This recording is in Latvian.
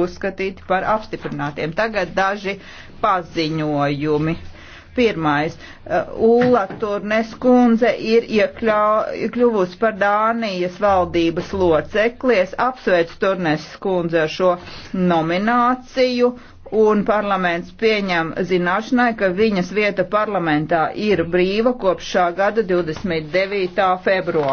uzskatīti par apstiprinātiem. Tagad daži paziņojumi. Pirmais, uh, Ulla Turnes kundze ir iekļuvusi par Dānijas valdības loceklies, apsveic Turnes kundze šo nomināciju un parlaments pieņem zināšanai, ka viņas vieta parlamentā ir brīva kopš šā gada 29. februāra.